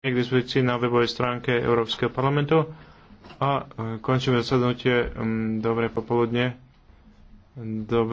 k dispozícii na webovej stránke Európskeho parlamentu a e, končíme zasadnutie. Dobre popoludne. Dobre.